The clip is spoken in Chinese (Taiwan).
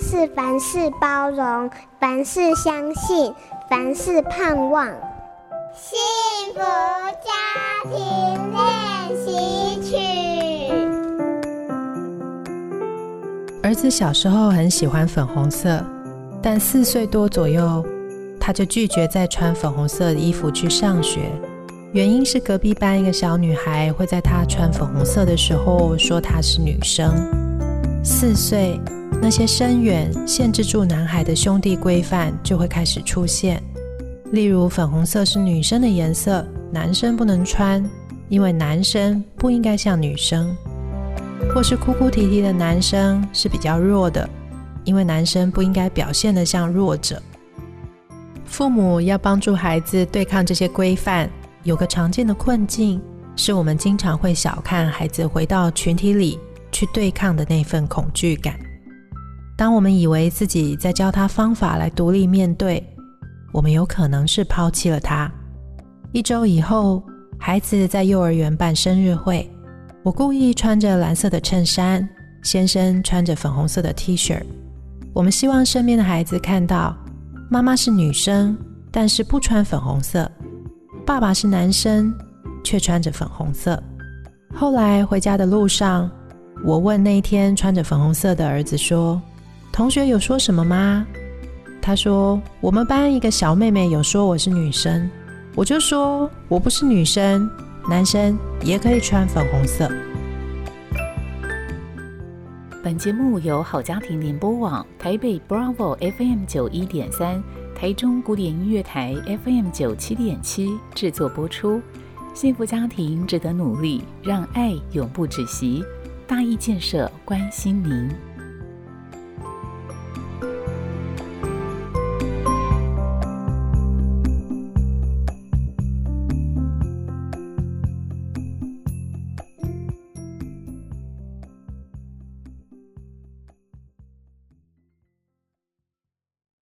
是凡事包容，凡事相信，凡事盼望。幸福家庭練習曲。兒子小時候很喜歡粉紅色，但四歲多左右，他就拒絕再穿粉紅色的衣服去上學。原因是隔壁班一個小女孩會在他穿粉紅色的時候說他是女生。四歲。那些深遠限制住男孩的兄弟規範就會開始出現，例如粉紅色是女生的顏色，男生不能穿，因為男生不應該像女生；或是哭哭啼啼的男生是比較弱的，因為男生不應該表現得像弱者。父母要幫助孩子對抗這些規範，有個常見的困境，是我們經常會小看孩子回到群體裡去對抗的那份恐懼感。當我們以為自己在教他方法來獨立面對，我們有可能是拋棄了他。一周以後，孩子在幼兒園辦生日會，我故意穿着藍色的襯衫，先生穿着粉紅色的 T 恤。我們希望身邊的孩子看到，媽媽是女生，但是不穿粉紅色；爸爸是男生，卻穿着粉紅色。後來回家的路上，我問那一天穿着粉紅色的兒子說，同學有說什麼嗎？他說，我們班一個小妹妹有說我是女生，我就說我不是女生，男生也可以穿粉紅色。本節目由好家庭聯播網、台北 Bravo FM 九一點三、台中古典音樂台 FM 九七點七製作播出。幸福家庭值得努力，讓愛永不止息。大義建設關心您。